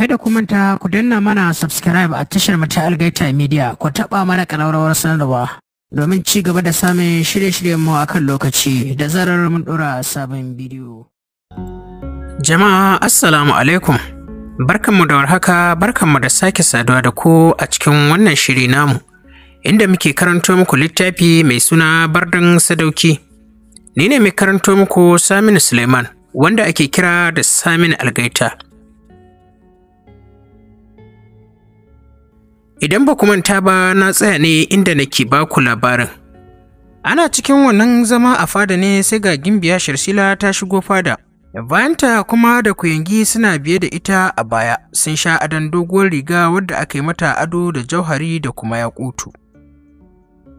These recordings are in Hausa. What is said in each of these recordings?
kada ku manta ku danna mana subscribe a tashar mata Algaita Media ku taba mana kalaurawar sanarwa domin ci gaba da samun shirye-shiryen mu akan lokaci da zarar mun dora sabon bidiyo Jama'a assalamu alaikum barkanmu da warhaka barkanmu da sake saduwa da ku a cikin wannan shiri namu inda muke karanto muku littafi mai suna Bardan Sadauki Ni ne mai karanto muku Saminu Suleiman wanda ake kira da Saminu Algaita Idan ba ku manta ba na tsaya ne inda nake ba ku labarin. Ana cikin wannan zama a fada ne sai ga gimbiya Sharsila ta shigo fada. Bayanta kuma da kuyangi suna biye da ita a baya sun sha adon doguwar riga wadda aka yi mata ado da jauhari da kuma yakutu.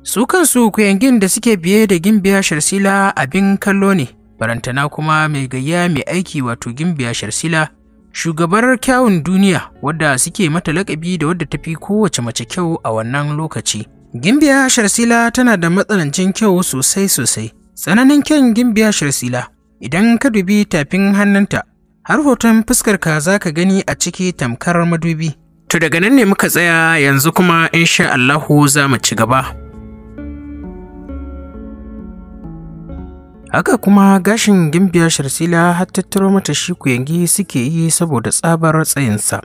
Su kansu kuyangin da suke biye da gimbiya Sharsila abin kallo ne, barantana kuma mai gayya mai aiki wato gimbiya Sharsila shugabar kyawun duniya wadda suke mata lakabi da wadda ta fi kowace mace kyau a wannan lokaci gimbiya sharsila tana da matsanancin kyau sosai sosai tsananin kyan gimbiya sharsila idan ka dubi tafin hannunta har hoton fuskarka za ka gani a ciki tamkar madubi to daga nan ne muka tsaya yanzu kuma insha Allahu za mu ci gaba haka kuma gashin gimbiya sharsila har tattaro mata shi ku yangi suke yi saboda tsabar tsayinsa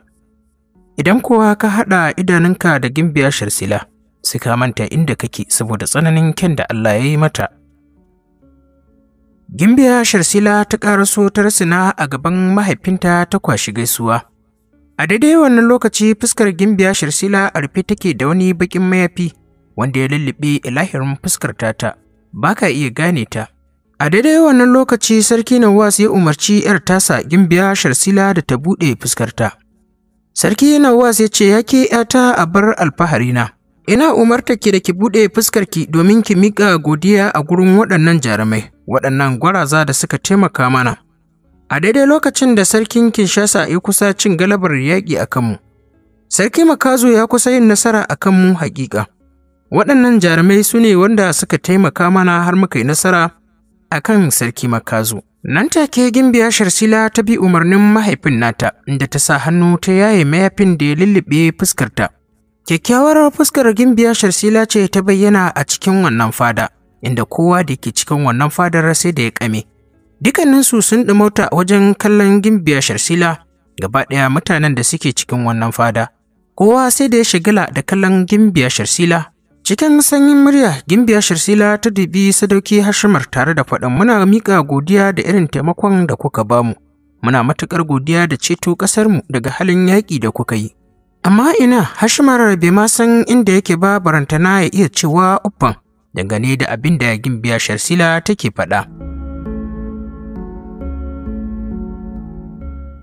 idan kowa ka haɗa idanunka da gimbiya sharsila sai ka manta inda kake saboda tsananin kyan da Allah ya yi mata gimbiya sharsila ta ƙaraso ta rasina a gaban mahaifinta ta kwashi gaisuwa a daidai wannan lokaci fuskar gimbiya sharsila a rufe take da wani baƙin mayafi wanda ya lullube ilahirin fuskar tata ba ka iya gane ta A daidai wannan lokaci sarki Nawaz ya umarci ‘yar tasa gimbiya Sharsila da ta buɗe fuskarta. Sarki Nawaz ya ce ya ke ‘yata a bar alfaharina, ina umarta ki da ki buɗe fuskar ki domin ki miƙa godiya a gurin waɗannan jarumai, waɗannan gwaraza da suka taimaka mana. A daidai lokacin da sarkin Kinshasa ya kusa cin galabar yaƙi a kanmu, sarki Makazo ya kusa yin nasara a kanmu haƙiƙa. Waɗannan jarumai su ne wanda suka taimaka mana har muka yi nasara a kan sarki makazu nan take gimbiya sharsila ta bi umarnin mahaifin nata inda ta sa hannu ta yaye mayafin da ya lullube fuskarta kyakkyawar fuskar gimbiya sharsila ce ta bayyana a cikin wannan fada inda kowa da ke cikin wannan fadar sai da ya kame dukkaninsu sun ɗumauta wajen kallon gimbiya sharsila gaba ɗaya mutanen da suke cikin wannan fada kowa sai da ya shigala da kallon gimbiya sharsila Cikin sanyin murya, Gimbiya Shirsila ta dubi sadauki Hashimar tare da faɗin muna miƙa godiya da irin taimakon da kuka bamu. Muna matuƙar godiya da ceto ƙasarmu daga halin yaƙi da kuka yi. Amma ina Hashimar bai ma san inda yake ba barantana ya iya cewa uffan dangane da abin da Gimbiya Shirsila take faɗa.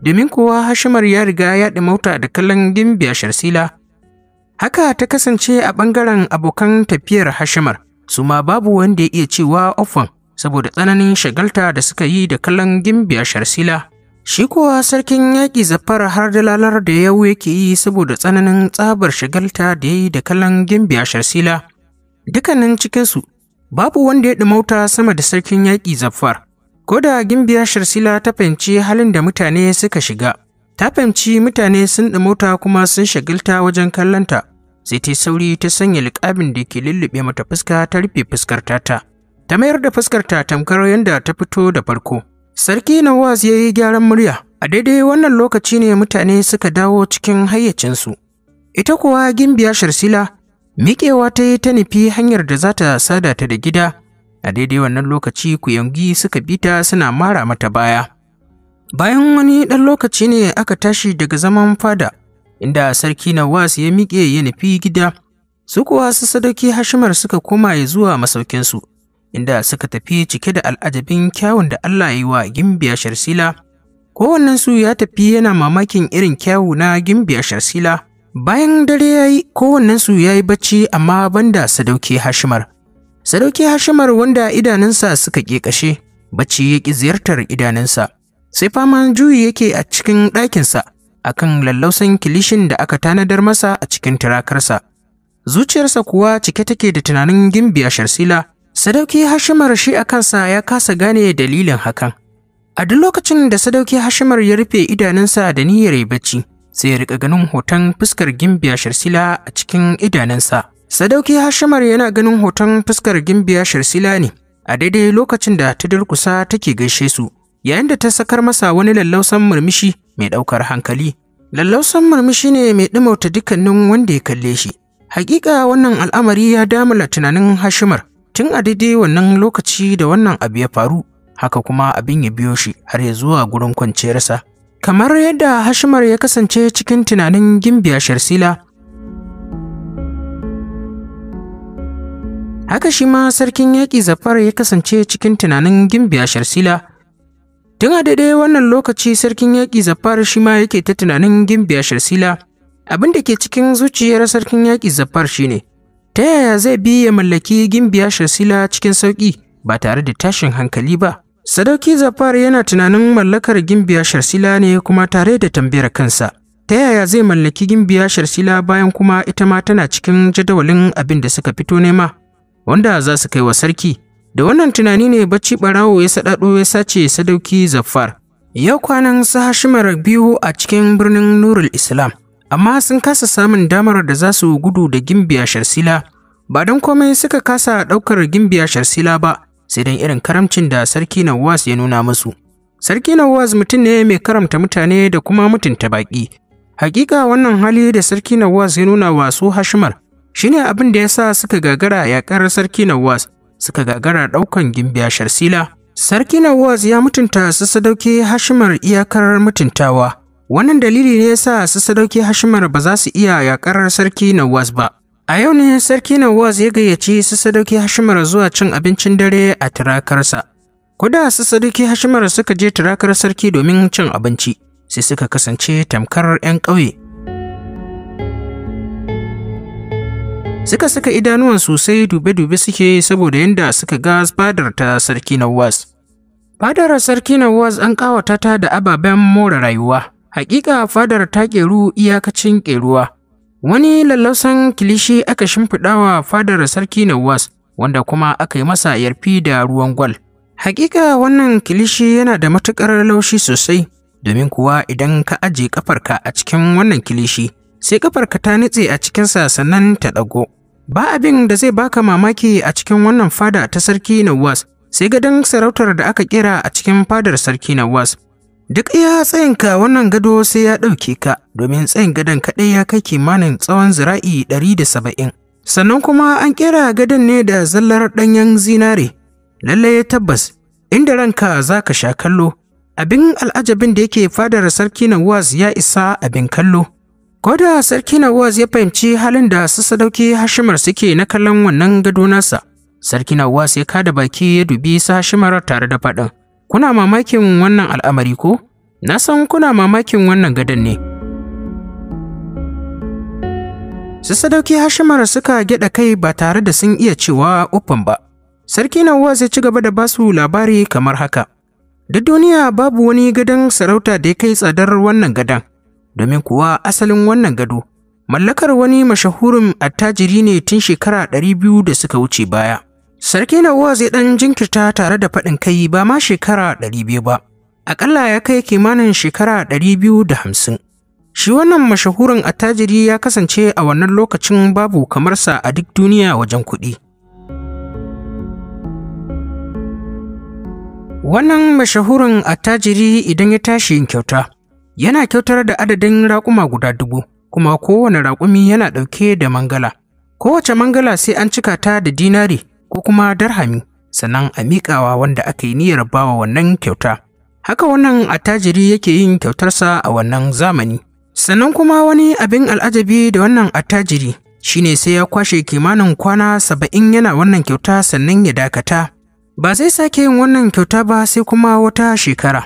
Domin kowa Hashimar ya riga ya mauta da kallon Gimbiya Shirsila Haka ta kasance a ɓangaren abokan tafiyar Hashimar, su ma babu wanda ya iya cewa ofan saboda tsananin shagalta da suka yi da kallon gimbiya sharsila. Shi kuwa sarkin yaƙi zafar har da lalar da yau yake yi saboda tsananin tsabar shagalta da ya yi da kallon gimbiya sharsila. Dukanin cikinsu, babu wanda ya ɗumauta sama da sarkin yaƙi zafar. Ko da gimbiya sharsila ta fahimci halin da mutane suka shiga, ta fahimci mutane sun ɗumauta kuma sun shagalta wajen kallonta sai ta sauri ta sanya liƙabin da ke lullube mata fuska ta rufe fuskar tata ta mayar da fuskar ta tamkar yadda ta fito da farko sarki nawaz ya yi gyaran murya a daidai wannan lokaci ne mutane suka dawo cikin hayyacinsu ita kuwa gimbiya sharsila miƙewa ta yi ta nufi hanyar da za ta sada ta da gida a daidai wannan lokaci kuyangi suka bi ta suna mara mata baya Bayan wani ɗan lokaci ne aka tashi daga zaman fada, inda sarki Nawas ya miƙe ya nufi gida. Su kuwa su sadauki Hashimar suka koma ya zuwa masaukinsu, inda suka tafi cike da al'ajabin kyawun da Allah ya yi wa gimbiya Sharsila. Kowannensu ya tafi yana mamakin irin kyawu na gimbiya Sharsila. Bayan dare ya yi, kowannensu ya yi bacci amma banda sadauki Hashimar. Sadauki Hashimar wanda idanunsa suka ƙeƙashe, bacci ya ƙi ziyartar idanunsa. Sai faman juyi yake a cikin ɗakinsa, akan lallausan kilishin da aka tanadar masa a cikin turakarsa. Zuciyarsa kuwa cike take da tunanin gimbiya sharsila, sadauki hashimar shi a kansa ya kasa gane dalilin hakan. A duk lokacin da sadauki hashimar ya rufe idanunsa da niyyar bacci, sai ya riƙa ganin hoton fuskar gimbiya sharsila a cikin idanunsa. Sadauki hashimar yana ganin hoton fuskar gimbiya sharsila ne a daidai lokacin da ta durkusa take gaishe su, yayin da ta sakar masa wani lallausan murmushi mai ɗaukar hankali lallausan murmushi ne mai ɗumauta dukkanin wanda ya kalle shi hakika wannan al'amari ya damala tunanin hashimar tun a daidai wannan lokaci da wannan abu ya faru haka kuma abin ya biyo shi har ya zuwa gurin kwanciyarsa kamar yadda hashimar ya kasance cikin tunanin gimbiya sharsila haka shi ma sarkin yaki zafar ya kasance cikin tunanin gimbiya sharsila tun a daidai wannan lokaci sarkin yaƙi zafar shi ma yake ta tunanin gimbiya sharsila abin da ke cikin zuciyar sarkin yaƙi zafar shi ne, ta yaya zai bi ya mallaki gimbiya sharsila cikin sauƙi ba tare da tashin hankali ba sadauki zafar yana tunanin mallakar gimbiya sharsila ne kuma tare da tambayar kansa ta yaya zai mallaki gimbiya sharsila bayan kuma ita ma tana cikin jadawalin abin da suka fito nema wanda za su kai wa sarki Da wannan tunani ne bacci ɓarawo ya saɗaɗo ya sace sadauki Zafar. Yau kwanan su Hashimar biyu a cikin birnin Nurul Islam, amma sun kasa samun damar da za su gudu da gimbiya Sharsila. Ba don komai suka kasa ɗaukar gimbiya Sharsila ba, sai don irin karamcin da Sarki Nawaz ya nuna musu. Sarki Nawaz mutum ne mai karamta mutane da kuma mutunta baƙi. Hakika wannan hali da Sarki Nawaz ya nuna wasu su Hashimar shine abin da ya sa suka gagara yaƙar Sarki Nawaz suka gagara ɗaukan gimbiya sharsila sarki nawaz ya mutunta su sadauki hashimar iyakar mutuntawa wannan dalili ne yasa su sadauki hashimar ba za su iya yakar sarki nawaz ba a yau ne sarki nawaz ya gayyaci su sadauki hashimar zuwa cin abincin dare a turakarsa kuda su sadauki hashimar suka je turakar sarki domin cin abinci sai suka kasance tamkar 'yan ƙauye suka saka idanuwan sosai dube-dube suke saboda yadda suka ga fadar ta sarki Nawaz. Fadar sarki Nawaz an kawata ta da ababen more rayuwa. Hakika fadar ta keru iyakacin keruwa. Wani lallausan kilishi aka shimfiɗa wa fadar sarki Nawaz wanda kuma aka yi masa yarfi da ruwan gwal. Hakika wannan kilishi yana da matukar laushi sosai domin kuwa idan ka aje ƙafarka a cikin wannan kilishi sai ƙafarka ta nutse a cikinsa sannan ta ɗago. Ba abin da zai baka mamaki a cikin wannan fada ta sarki nawas sai gadon sarautar da aka kira a cikin fadar sarki nawas Duk iya tsayinka wannan gado sai ya ɗauke ka, domin tsayin gadon kaɗai ya kai kimanin tsawon zira'i ɗari da saba'in. Sannan kuma an kera gadon ne da zallar ɗanyen zinare. Lallai tabbas, inda ranka za ka sha kallo, abin al'ajabin da yake fadar sarki nawas ya isa abin kallo. Koda sarki Nawaz ya fahimci halin da su sadauki Hashimar suke na kallon wannan gado nasa, sarki Nawaz ya kada baki ya dubi su Hashimar tare da faɗin. Kuna mamakin wannan al'amari ko? Na san kuna mamakin wannan gadon ne. Su sadauki Hashimar suka gyaɗa kai ba tare da sun iya cewa uffan ba. Sarki Nawaz ya ci gaba da basu labari kamar haka. Duk duniya babu wani gadon sarauta da ya kai tsadar wannan gadon. domin kuwa asalin wannan gado mallakar wani mashahurin attajiri ne tun shekara ɗari biyu da suka wuce baya. Sarki Nawa zai ɗan jinkirta tare da faɗin kai ba ma shekara 200 ba, aƙalla ya kai kimanin shekara ɗari biyu da hamsin. Shi wannan mashahurin attajiri ya kasance a wannan lokacin babu kamarsa a duk duniya wajen kuɗi. Wannan mashahurin attajiri idan ya tashi yin kyauta, Yana kyautar da adadin raƙuma guda dubu, kuma kowane raƙumi yana ɗauke da mangala. Kowace mangala sai an cika ta da dinari ko kuma darhami, sannan a miƙawa wanda aka yi niyyar bawa wannan kyauta. Haka wannan attajiri yake yin kyautarsa a wannan zamani. Sannan kuma wani abin al'ajabi da wannan attajiri shine sai ya kwashe kimanin kwana saba'in yana wannan kyauta sannan ya dakata. Ba zai sake yin wannan kyauta ba sai kuma wata shekara.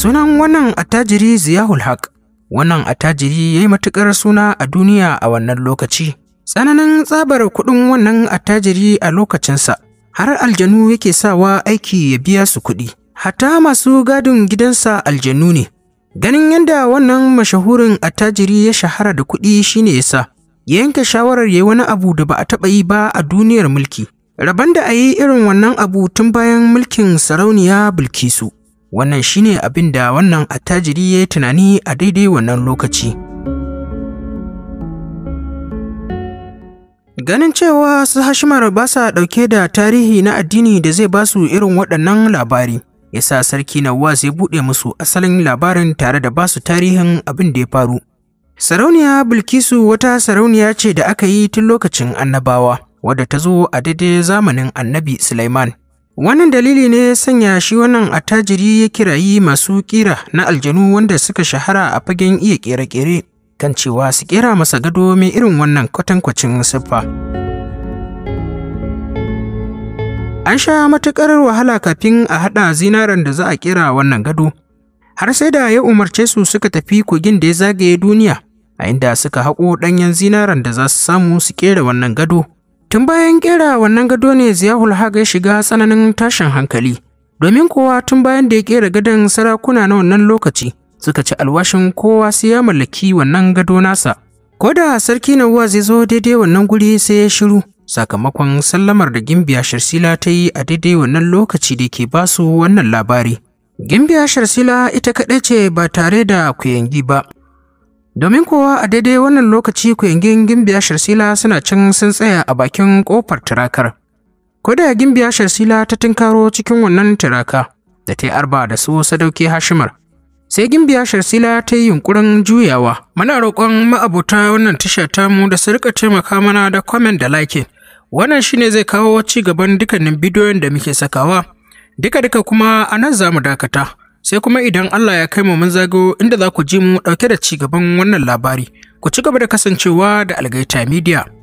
Sunan wannan attajiri Ziyahul Haq. Wannan attajiri ya yi matuƙar suna a duniya a wannan lokaci. Tsananin tsabar kuɗin wannan attajiri a lokacinsa, har aljanu yake sawa aiki ya biya su kuɗi. hata masu gadin gidansa aljanu ne. Ganin yadda wannan mashahurin attajiri ya shahara da kuɗi shine yasa ya yanke shawarar yayi wani abu da ba a taɓa yi ba a duniyar mulki. Rabon da a yi irin wannan abu tun bayan mulkin sarauniya Bilkisu. Wannan shine abin da wannan attajiri ya yi tunani a daidai wannan lokaci. Ganin cewa su Hashimar ba sa ɗauke da tarihi na addini da zai ba su irin waɗannan labari, ya sa sarki Nawaz ya buɗe musu asalin labarin tare da ba su tarihin abin da ya faru. Sarauniya Bilkisu wata sarauniya ce da aka yi tun lokacin annabawa, wadda ta zo a daidai zamanin annabi Sulaiman. Wannan dalili ne ya sanya shi wannan attajiri ya kirayi masu ƙira na aljanu wanda suka shahara a fagen iya ƙere kere kan cewa su kera masa gado mai irin wannan kwatankwacin siffa. An sha matuƙar wahala kafin a haɗa zinaren da za a kera wannan gado, har sai da ya umarce su suka tafi kogin da ya zagaye duniya, a inda suka haƙo ɗanyen zinaren da za su samu su kera wannan gado. Tun bayan kera wannan gado ne Ziyahul Haq ya shiga tsananin tashin hankali. Domin kowa tun bayan da ya kera gadon sarakuna na wannan lokaci suka ci alwashin kowa sai ya mallaki wannan gado nasa. Ko da sarki na wuwa zai zo daidai wannan guri sai ya shiru sakamakon sallamar da Gimbiya Sharsila ta yi a daidai wannan lokaci da ke basu wannan labari. Gimbiya Sharsila ita kaɗai ce ba tare da kuyangi ba. domin kowa a daidai wannan lokaci kuyangin gimbiya sila suna can sun tsaya a bakin kofar turakar ko da gimbiya sharsila ta tunkaro cikin wannan turaka da ta yi arba da su sadauki hashimar sai gimbiya sila ta yi yunkurin juyawa muna roƙon ma'abota wannan tasha mu da su rika taimaka mana da kwamen da like wannan shine zai kawo ci gaban dukkanin bidiyon da muke sakawa duka duka kuma a nan za mu dakata Sai kuma idan Allah ya kai mu mun zago inda za ku ji mu ɗauke da ci gaban wannan labari. Ku ci gaba da kasancewa da Algaita Media.